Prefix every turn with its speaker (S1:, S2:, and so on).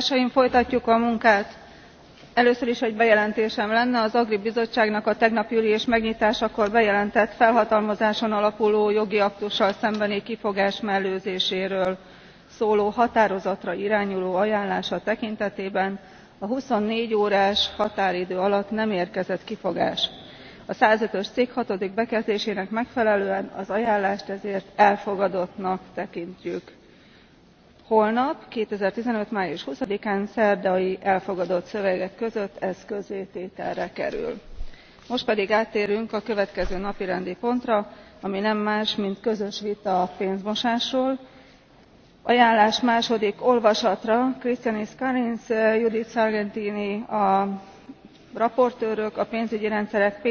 S1: társaim folytatjuk a munkát. először is egy bejelentésem lenne az agri bizottságnak a tegnapi ülés megnyitásakor bejelentett felhatalmazáson alapuló jogi aktussal szembeni kifogás mellőzéséről szóló határozatra irányuló ajánlása tekintetében a twenty four órás határidő alatt nem érkezett kifogás. a one hundred and five ös cikk hatodik bekezdésének megfelelően az ajánlást ezért elfogadottnak tekintjük holnap two thousand and fifteen május twenty án szerdai elfogadott szövegek között ez közzétételre kerül. most pedig áttérünk a következő napirendi pontra ami nem más mint közös vita a pénzmosásról ajánlás második olvasatra krystianis kariins judith sargentini a raportőrök a pénzügyi
S2: rendszerek